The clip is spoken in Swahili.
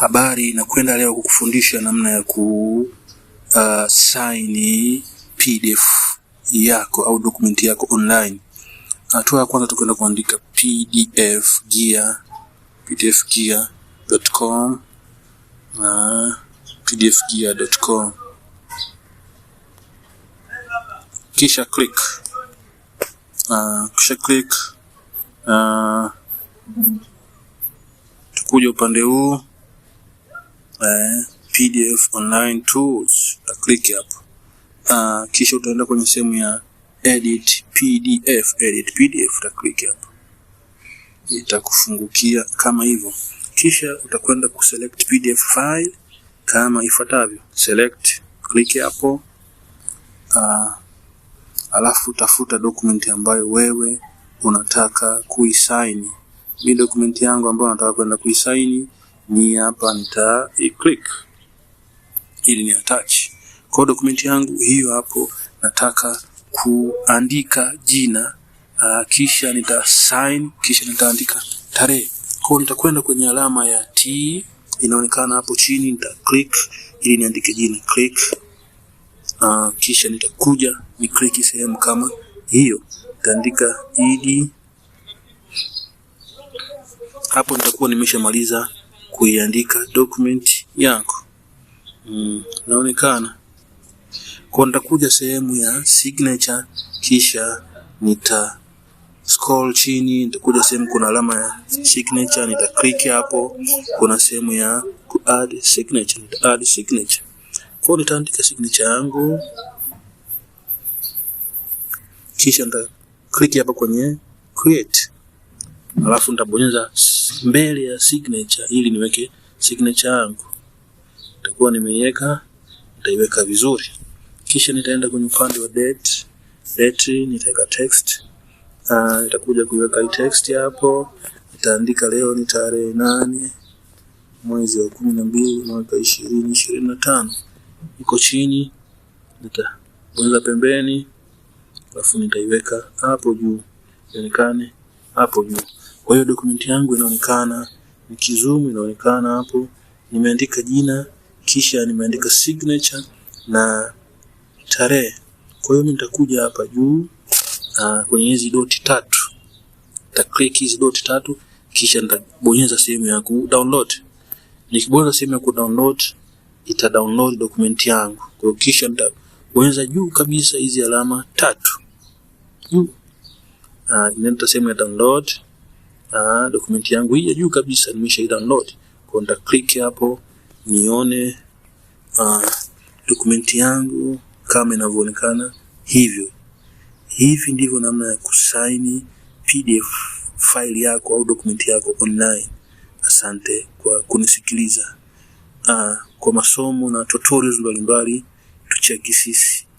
habari na kwenda leo kukufundisha namna ya ku uh, sign PDF yako au dokumenti yako online. Hatua ya kwanza tukwenda kuandika PDF gear, PDF gear.com, uh, PDF gear.com, kisha click uh, kisha click uh, tukuja upande huu eh, PDF online tools, na click hapo uh, kisha utaenda kwenye sehemu ya edit PDF, edit PDF ta click hapo, itakufungukia kama hivyo, kisha utakwenda kuselect PDF file kama ifuatavyo, select, click hapo uh, alafu tafuta dokumenti ambayo wewe unataka kuisaini. Mi dokumenti yangu ambayo nataka kwenda kuisaini ni hapa nita click ili ni attach kwa dokumenti yangu hiyo hapo. Nataka kuandika jina uh, kisha nita sign, kisha nitaandika tarehe. Kwa nitakwenda kwenye alama ya T inaonekana hapo chini, nita click ili niandike jina click. Uh, kisha nitakuja ni click sehemu kama hiyo, nitaandika id e hapo, nitakuwa nimeshamaliza kuiandika document yangu. Mm, naonekana kwa, nitakuja sehemu ya signature, kisha nita scroll chini, nitakuja sehemu kuna alama ya signature, nita click hapo. Kuna sehemu ya add signature, nita add signature. Kwa nitaandika signature yangu, kisha nita click hapa kwenye create alafu nitabonyeza mbele ya signature ili niweke signature yangu. Nitakuwa nimeiweka, nitaiweka vizuri, kisha nitaenda kwenye upande wa date. Date nitaweka text, uh, nitakuja kuiweka hii text hapo, nitaandika leo ni tarehe nane mwezi wa kumi na mbili mwaka ishirini ishirini na tano iko chini, nitabonyeza pembeni, alafu nitaiweka hapo juu ionekane hapo juu. Kwa hiyo dokumenti yangu inaonekana, nikizoom inaonekana hapo, nimeandika jina kisha nimeandika signature na tarehe. Kwa hiyo mimi nitakuja hapa juu kwenye hizi doti tatu, ta click hizi doti tatu kisha nitabonyeza sehemu ya ku download. Nikibonyeza sehemu ya ku download ita download dokumenti yangu. Kwa hiyo kisha nitabonyeza juu kabisa hizi alama tatu juu, ah, inaenda sehemu ya download uh, ah, dokumenti yangu hii ya juu kabisa nimesha download. Kwa nita click hapo nione ah, dokumenti yangu kama inavyoonekana hivyo. Hivi ndivyo namna ya kusaini PDF file yako au dokumenti yako online. Asante kwa kunisikiliza. Uh, kwa masomo na tutorials mbalimbali tucheki sisi.